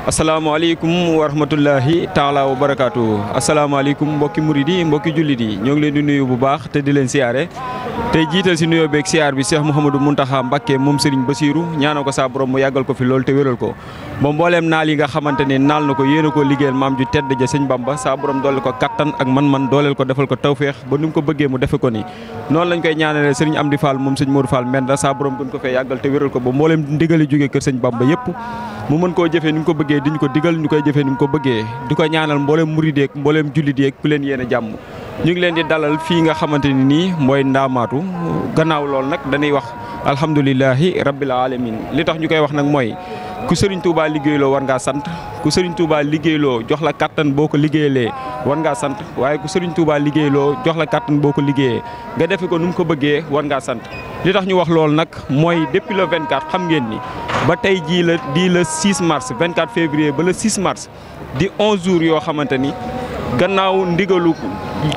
Assalamualaikum warahmatullahi taala wabarakatuh. Assalamualaikum asalaamaaleykum mbokki mouride yi mbokki jullit yi ñoo ngi leen di nuyu bu baax te di leen siyaare tey jital si nuyo bek siyaar bi Cheikh Mouhamadou muntaha Mbacké mom Serigne Bassirou ñaanal ko sa borom mu yagal ko fi lol te wéral ko ba mbollem naal yi nga nako ko liggéel maam ju tedd ja serigne Bamba sabrom borom doole ko kattan ak man-man dooleel ko defal ko tawfiix ba ni ko bëggee mu defe ko ni non lañ koy ñaanalé Serigne Amdi Fall mom serigne Modou Fall menda sa borom gën ko fe yagal te wéral ko ba ndigal ndigali joggé kër serigne Bamba yépp mu mën ko jëfé ko bëggee di ñu ko digal ñu koy jëfee ni ko bëggee di ko ñaanal mbooleem murideek mbooleem jullideek ku leen yéene jàmm ñu ngi leen di dalal fii nga xamante ni nii mooy ndaamaatu gannaaw loolu nag dañuy wax alhamdulilahi rabbil alamin li tax ñu koy wax nag mooy ku Serigne Touba liggéeyloo war ngaa sant ku Serigne Touba liggéeyloo jox la kattan boo ko liggéeyalee war ngaa sant waaye ku Serigne Touba liggéeyloo jox la kattan boo ko liggéeyee nga defe ko nu mu ko bëggee war ngaa sant. li tax ñu wax loolu nag mooy depuis le 24 xam ngeen ni ba tey jii la di le 6 mars 24 février ba le 6 mars di 11 jours yoo xamante ni gannaaw ndigalu.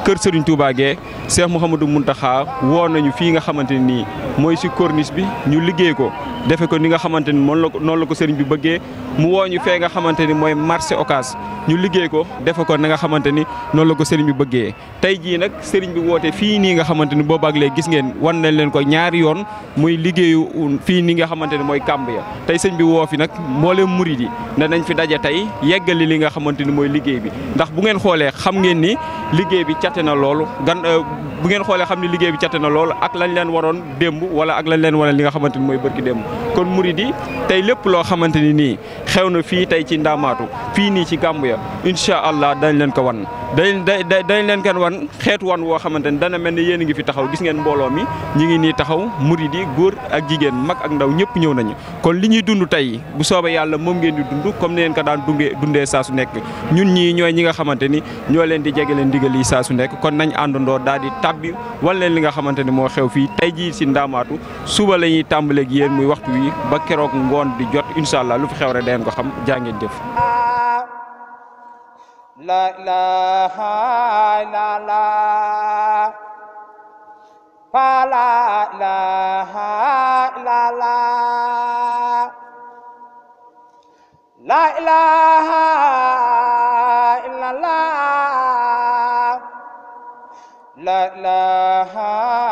kër Serigne Touba Gueye Cheikh Mouhamadou Mountakha woo nañu fii nga xamante nii mooy si corniche bi ñu liggéey ko defe ko ni nga xamante ni moom la ko noonu la ko sëriñ bi bëggee mu woo ñu fee nga xamante ni mooy marché Ocass ñu liggéey ko defe ko na nga xamante ni noonu la ko sëriñ bi bëggee. tey jii nag sëriñ bi woote fii nii nga xamante ni boobaag léegi gis ngeen wan nañ leen ko ñaari yoon muy liggéeyu fii nii nga xamante ni mooy kàmb ya tey sëñ bi woo fi nag mbooleem murid yi ne nañ fi daje tey yeggali li nga xamante ni mooy liggéey bi ndax bu ngeen xoolee xam ngeen ni liggéey bi cate na loolu gan euh, bu ngeen xoolee xam ni liggéey bi cate na loolu ak lañ leen waroon démb wala ak lañ leen waroon li nga xamante ni mooy bërki démb kon muridi tay lepp lo xamanteni ni xewna fi tay ci ndamatu fi ni ci gambia incha allah dañ leen ko wan dañ dañ leen kenn wan xet wan wo xamanteni dana melni ni ngi fi taxaw gis ngeen mbolo mi ñi ngi ni taxaw murid yi góor ak jigen mak ak ndaw ñepp ñew nañu kon li ñi dundu tay bu soobee yalla mom ngeen di dundu comme neen ka daan dundé dundé su ñun ñi ñoy ñi nga xamanteni ñoo leen di jege leen yi saa su kon nañ andondo daal di tàbbi leen li nga xamanteni mo xew fi tay ji ci ndamatu suba lañuy tambalé ak yeen muy waxtu wi yi ba kérok ngon di jot inshallah lu fi xew rek dangeen ko xam jaa def la la la la fa la la la ilaha illallah la ilaha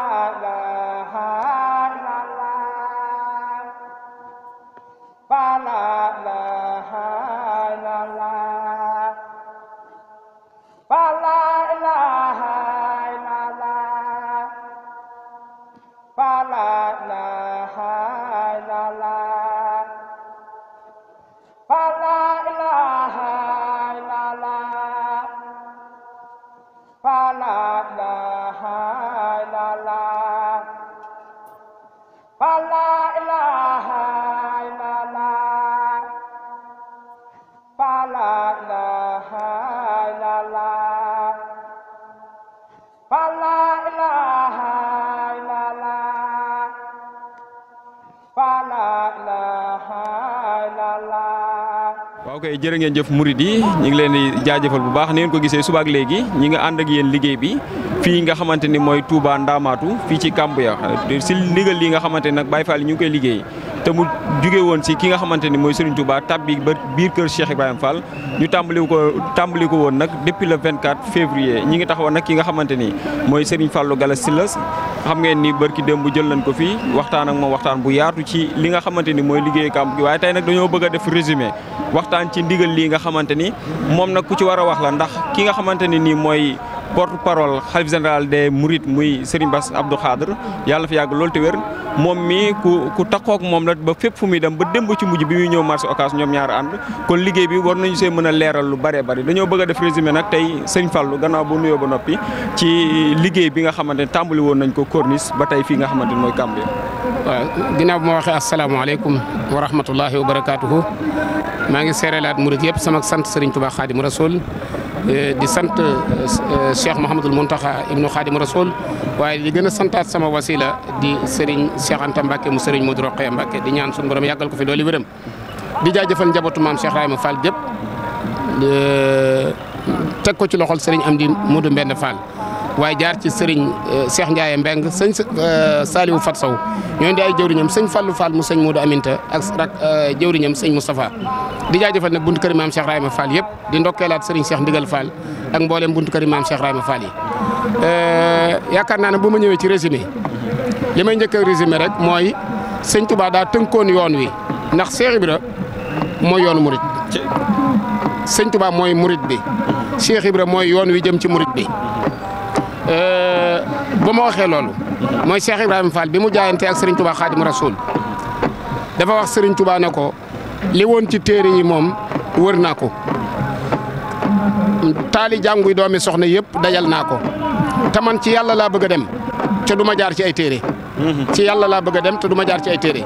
la Allah. koy jërë ngeen jëf murid yi ñu ngi leen di jaajëfal bu baax ni ngeen ko gisee subaak léegi ñi nga ànd ak yéen liggéey bi fii nga xamante ni mooy Touba Ndamaatu fii ci Kambuya si ndigal lii nga xamante ni nag Baye Fall yi ñu ngi koy liggéey te mu jóge woon si ki nga xamante ni mooy Serigne Touba tabbi ba biir kër Cheikh Ibrahima Fall ñu tàmbali ko tàmbali ko woon nag depuis le 24 février ñi ngi taxawoon nag ki nga xamante ni mooy Serigne Fallou Galass Sylla xam ngeen ni bërki démb jël nañ ko fii waxtaan ak moom waxtaan bu yaatu ci li nga xamante ni mooy liggéey kàmb gi waaye tey nag dañoo bëgg a def résumé waxtaan ci ndigal lii nga xamante ni moom nag ku ci war a wax la ndax ki nga xamante ni nii mooy porte-parole xalif général des Mourides muy Serigne Bass Abdou Khadre yàlla fi yàgg loolu te wér moom mi ku ku takkook moom la ba fépp fu muy dem ba dem démb ci mujj bi muy ñëw marché Ocass ñoom ñaari ànd kon liggéey bi war nañu see mën a leeral lu bare bari dañoo bëgg a def résumé nag tey Serigne Fallou gannaaw bu nuyoo ba noppi ci liggéey bi nga xamante ne tàmbali woon nañ ko corniche ba tey fii nga xamante ne mooy Kamb waaw ginnaaw bu ma waxee asalaamaaleykum wa rahmatullahi wa barakaatuhu maa ngi seeralaat murid yëpp sama sant Serigne Touba Khadim Rasoul di sant Cheikh Mouhamadul muntaha ibnu Khadim Rasoul waye di gëna santat sama wasila di Serigne Cheikh Anta Mbacke mu Serigne Modou Rokhaya Mbacke di ñaan suñu borom yagal ko fi doli wërëm di jaajëfal njabotu mam Cheikh Rahima Fall jep teg ko ci loxol Serigne Amdi Modou mbenn Fall. waaye jaar ci sëriñ euh, Cheikh Ndiaye Mbeng sëñ euh, Saliou Fat saw ñooñu di ay jëwriñam sëñ fallu Fall mu sëñ Modou Aminta ak rak euh, jëwriñam sëñ Moustapha di jaajëfal nag buntu kër maam Cheikh ma Fall yëpp di ndokkeelaat sëriñ Cheikh Ndigal Fall ak mboolem buntu kër maam Cheikh Rahima Fall yi. yaakaar naa ne bu ma ñëwee ci résumé li may njëkk a résumé rek mooy sëñ Touba daa tënkoon yoon wi ndax Cheikh Ibra mooy yoonu murit sëñ Touba mooy murit bi Cheikh mooy yoon wi jëm ci murit bi. Euh, ba ma waxee loolu mooy Cheikh Ibrahima Fall bi mu jaayante ak Serigne Touba Xaadimu Rasuul dafa wax sëriñ Touba ne ko li woon ci téere yi moom wër naa ko taali jànguy doomi soxna yëpp dajal naa ko te man ci yàlla laa bëgg a dem te du ma jaar ci ay téere mhm. ci yàlla laa bëgg a dem te du ma jaar ci ay téere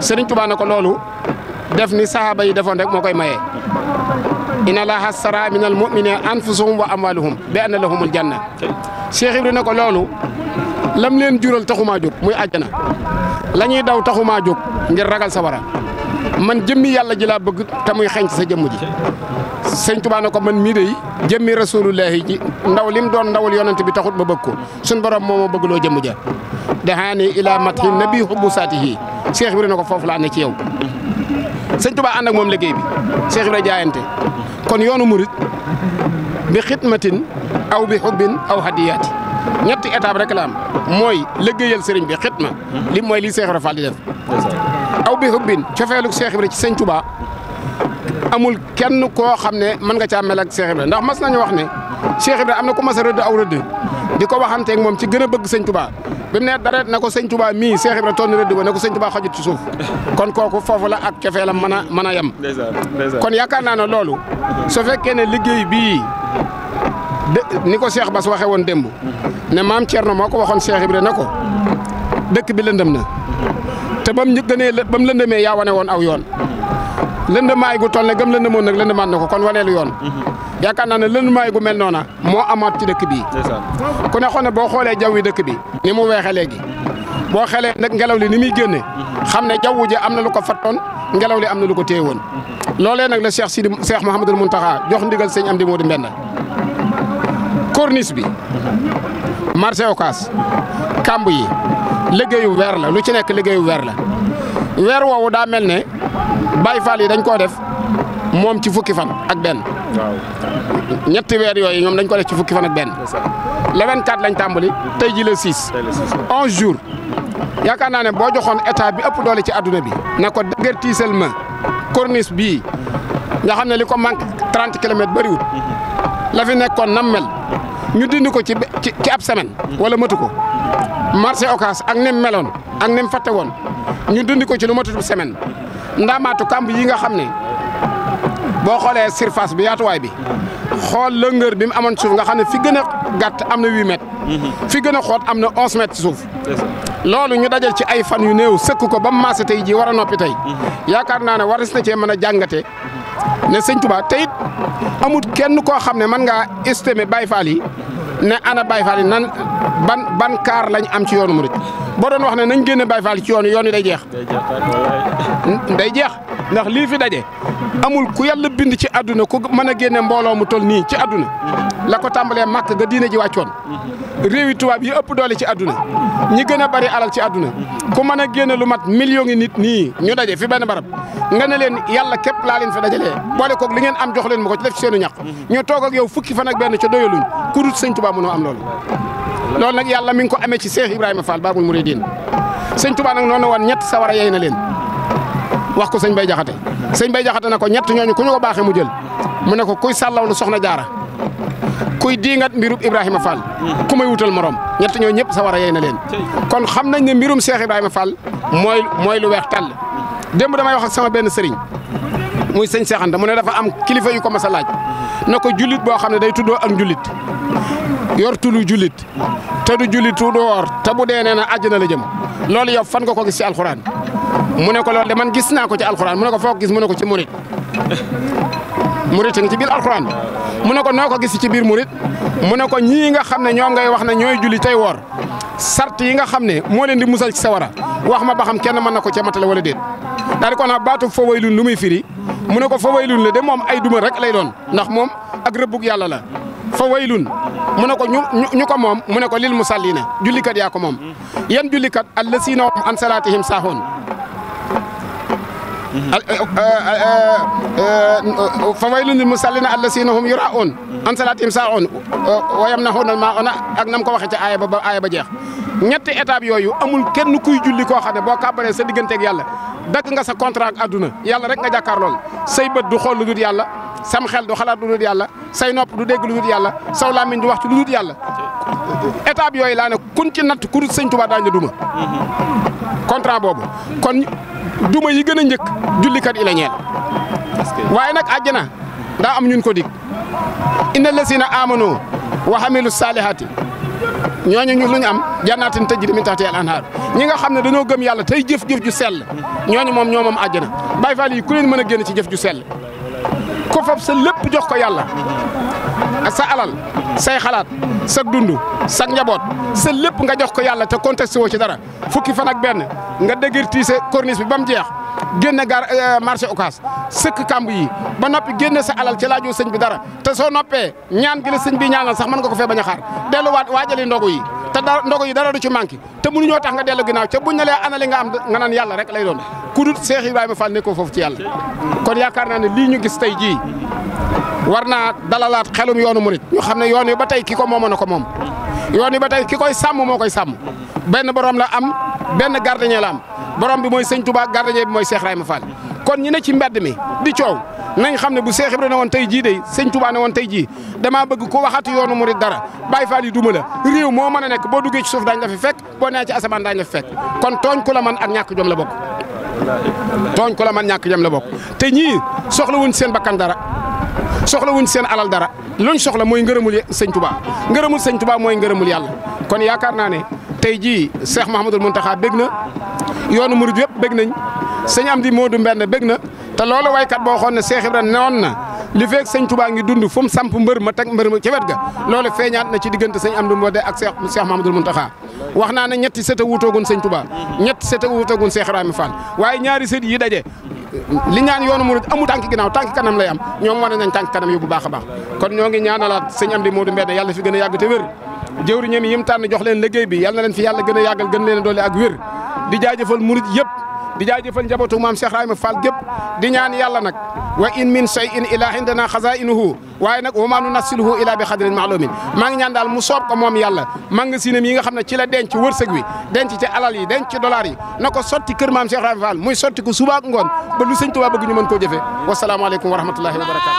sëriñ Touba ne ko loolu def ni sahaaba yi defoon rek moo koy maye inna laaha stara min al mu'minina anfusahum wa amwaluhum bi anna lahumul janna Cheikh Ibra ne ko loolu lam leen jural taxumaa jóg muy àjjana la ñuy daw taxumaa jóg ngir ragal sawara man jëmmi yàlla ji laa bëgg te muy xenc sa jëmm ji sëñ Tuubaa ne ko man mii dey jëmmi rasulullahi ji ndaw lim doon ndawul yonent bi taxut ba bëgg ko suñ borom moo ma bëgg loo jëmm ja dahaani ilaa matxi nabi hubbu saatihi Cheikh Ibra ne ko foofu laa ne ci yow sëñ Tuubaa ànd ak moom liggéey bi Cheikh Ibra jaayante kon yoonu murit bi xidmatin aw bi xubbin aw hadiyaati ñetti étape rek la am mooy liggéeyal sëriñ bi xidma li mooy li Seex Ibra Fall di def aw bi xubbin cofeeluk Seex Ibra ci Sëñ Tuubaa amul kenn koo xam ne mën nga caa mel ak Seex Ibra ndax mas nañu wax ne Seex Ibra am na ku mas a rëdd aw rëdd di ko waxanteeg moom ci gën a bëgg Sëñ Tuubaa bi mu ne dara na ko sëñ Touba mii Cheikh Ibra toon rëdd ba ne ko sëñ Touba xajut ci suuf kon kooku foofu la ak cofeelam mën a mën a yem kon yaakaar naa ne loolu soo fekkee ne liggéey bii de ni ko Cheikh Bass waxee woon démb ne maam Thierno moo ko waxoon Cheikh Ibra ne ko dëkk bi lëndëm na te ba mu gënee ba mu lëndëmee yaa wane woon aw yoon lëndamaay gu toll ne gëm moon nag lëndamaat na ko kon waneelu yoon mhm. yaakaar naa ne lëndamaay gu mel noona moo amaat ci dëkk bi ku ne xam ne boo xoolee jaww yi dëkk bi ni mu weexe léegi boo xelee nag ngelaw li ni muy génne mhm. xam ne jaww ji am na lu ko fattoon ngelaw li am na lu ko téye woon mhm. loolee nag la Cheikh Sidi Cheikh Mouhamadul Mountakha jox ndigal sëñ Amdi Modou Mbenda corniche bi marché Ocass kamb yi liggéeyu weer la lu ci nekk liggéeyu weer la weer woowu daa mel ne Baye Fall yi dañ koo def moom ci fukki fan ak benn. ñetti weer yooyu ñoom dañ ko def ci fukki fan ak benn. le 24 lañ tàmbali tey ji le 6. tey le 6 11 yaakaar naa ne boo joxoon état bi ëpp doole ci adduna bi. ne ko dëgërtiisal ma corniche bii nga xam ne li ko manque 30 kilomètres bëriwul mhm. la nekkoon nam mel ñu dindi ko ci ci ab semaine. Mhm. wala matu ko marché Ocass ak ni meloon ak ni mu woon. ñu dund ko ci lu matut semaine ndaamaatu kamb yi nga xam ne boo xoolee surface bi yaatuwaay bi xool longueur bi mu amoon suuf nga xam ne fi gën a gàtt am na huit mètres. Mhm. fi gën a xoot am na onze mètres suuf. loolu ñu dajal ci ay fan yu néew sëkk ko ba mu maase tey jii war a noppi tey. Mhm. yaakaar naa ne waris na cee mën a jàngate ne sëñ Touba te amut kenn koo xam ne mën ngaa estimer Baye Fall ne ana Baye yi nan ban ban kaar lañ am ci yoonumu murit boo doon wax ne nañ génne Baye Fall ci yoonu yoon yi day jeex. Hmm, day jeex ndax lii fi daje amul ku yàlla bind ci àdduna ku mën a génne mbooloo mu toll nii ci àdduna la ko tàmbalee màkk ga diine ji wàccoon réewi tubaab yi ëpp doole ci àdduna ñi gën a bari alal ci àdduna ku mën a génne lu mat million yi nit nii ñu daje fi benn barab nga ne leen yàlla képp laa leen fa dajalee boole koog li ngeen am jox mu ko ci def ci seenu ñàq mm-hmm. ñu toog ak yow fukki fan ak benn ca doyaluñ ku dul sëñ Tuubaa mënoo am loolu loolu nag yàlla mi ngi ko amee ci Cheikh Ibrahima Fall Babul Mouridine sëñ Touba nag noonu woon ñett sawara yey na leen wax ko sëñ Bay Jaxate sëñ Bay Jaxate na ko ñett ñooñu ku ñu ko baaxee mu jël mu ne ko kuy sàllaw lu soxna jaara kuy diingat mbirub Ibrahima Fall ku may wutal morom ñett ñooñu ñëpp sawara yey na leen kon xam nañ ne mbirum Cheikh Ibrahima Fall mooy mooy lu weex tàll démb damay wax sama benn sëriñ muy sëñ Seexanta mu ne dafa am kilifa yu ko a laaj na ko jullit boo xam ne day tuddoo ak jullit yor tulu jullit te du jullit tu du woor te bu dee nee na àjjana la jëm loolu yow fan nga ko gis ci alxuraan mu ne ko loolu de man gis naa ko ci alxuraan mu ne ko foo gis mu ko ci murit murit nga ci biir alxuraan mu ne ko noo ko gis ci biir murit mu ne ko ñii nga xam ne ñoom ngay wax ne ñooy julli tey woor sart yi nga xam ne moo leen di musal ci sawara wax ma ba kenn mën na ko ca matale wala déet daal di ko naa baatu fa waylun lu muy firi mu ne ko fa waylun la de moom ay duma rek lay doon ndax moom ak rëbbug yàlla la fa waylun mu ne ko ñu ñu ko moom mu ne ko lil musallina jullikat yaa yaako moom yan jullikat allasiina hum an salaatihim saahoon eh, eh, eh, fa waylun lil musallina allasiina hum yuraa'uun an salaatihim saahoon wa yamna'uuna al-maa'uuna ak nam ko waxee ca aaya ba aaya ba jeex ñetti étape yooyu amul kenn kuy julli koo xam ne boo kàbbaree sa digganteeg yàlla dakk nga sa contrat ak àdduna yàlla rek nga jàkkaar say bët du xool yàlla sam xel du xalaat lu dul yàlla say nopp du dégg lu dul yàlla saw làmmiñ du wax ci lu dul yàlla étape yooyu laa ne kun ci natt ku dul sëñ Tuubaa daañu la duma contrat boobu kon duma yi gën a njëkk jullikat yi la ñeel waaye nag àjjana daa am ñun ko dig inna lasina amano wa hamilu salihati ñooñu ñu lu ñu am jannaatin tajri min tahtiha al-anhaar ñi nga xam ne dañoo gëm yàlla tey jëf-jëf ju sell ñooñu moom ñoo moom àjjana Baay Faal yi ku leen mën a génn ci jëf ju sell ko fab sa lépp jox ko yàlla sa alal say xalaat sa dund sa njaboot sa lépp nga jox ko yàlla te contesté woo ci dara fukki fan ak benn nga dëgër sa corniche bi ba mu jeex génn gar euh, marché occas sëkk kàmb yi ba noppi génn sa alal ci laajoo sëñ bi dara te soo noppee ñaan gi la sëñ bi ñaanal sax mën nga ko fee bañ a xaar delluwaat waajali ndogu yi. te dara ndogo yi dara du ci manqué te munu ñoo tax nga dellu ginnaaw ca buñ ne lee ana li nga am nga naan yàlla rek lay doon ku dul Seex Ibrahima Fall nekkoo foofu ci yàlla kon yaakaar naa ne lii ñu gis tey jii war naa dalalaat xelum yoonu murit ñu xam ne yoon yi ba tey ki ko moomoon na ko moom yoon yi ba tey ki koy sàmm moo koy sàmm benn borom la am benn gardien la am borom bi mooy sëñ Touba gardien bi mooy Seex Ibrahima Fall kon ñu ne ci mbedd mi di coow nañ xam ne bu Seex Ibra woon tey jii de sëñ Tuubaa woon tey jii damaa bëgg ko waxati yoonu murid dara Baay Faal yi duma la réew moo mën a nekk boo duggee ci suuf daañu la fi fekk boo nee ci asamaan daañu la fi fekk kon tooñ ku la man ak ñàkk jom la bokk tooñ ku la man ñàkk jom la bokk te ñii soxla wuñ seen bakkan dara soxla wuñ seen alal dara luñ soxla mooy ngërëmul sëñ Tuubaa ngërëmul sëñ Tuubaa mooy ngërëmul yàlla kon yaakaar naa ne tey jii Seex Mahamadul Muntaxa bég na yoonu murid yëpp bég nañ sëñ am di Modou Mbenn bég na te loolu waykat boo xoon ne Cheikh Ibra newoon na li señ sëñ Touba ngi dund fu mu samp mbër ma teg mbër ma ci wet ga loolu feeñaat na ci diggante sëñ am di Mbodé ak Cheikh Cheikh Mamadou Mountakha wax naa ne ñetti sët a wuutoogun sëñ Touba ñetti sët a wuutoogun Cheikh Ibrahima Fall waaye ñaari sët yi daje li ñaan yoonu murid amul tànk ginnaaw tànk kanam lay am ñoom wane nañ tànk kanam yi bu baax a baax kon ñoo ngi ñaanalaat sëñ am di Modou Mbenn yàlla fi gën a yàgg te wér jëwriñam yi mu jox leen liggéey bi yàlla fi yàlla gën a yàggal gën leen a doole ak yëpp di jaajëfal njabootu maam Cheikh Rahima Fall gépp di ñaan yàlla nag wa in min shay in ilaa indana xazainuhu waaye nag wa maa nunassilhu ilaa bi xadrin maalumin maa ñaan daal mu soob ko moom yàlla magasinam yi nga xam ne ci la denc wërsëg wi denc ci alal yi denc ci dollar yi na sotti kër maam Cheikh Rahima Fall muy sotti ko suba ngoon ba lu sëñ Tuubaa bëgg ñu mën koo jëfee wasalaamaaleykum wa rahmatullahi wa barakatuh